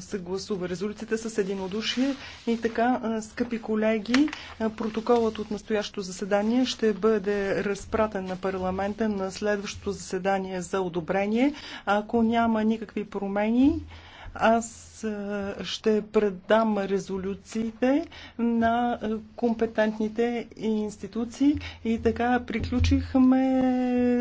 се гласува резолюцията с единодушие. И така, скъпи колеги, протоколът от настоящото заседание ще бъде разпратен на парламента на следващото заседание за одобрение. Ако няма никакви промени, аз ще предам резолюциите на компетентните институции. И така приключихме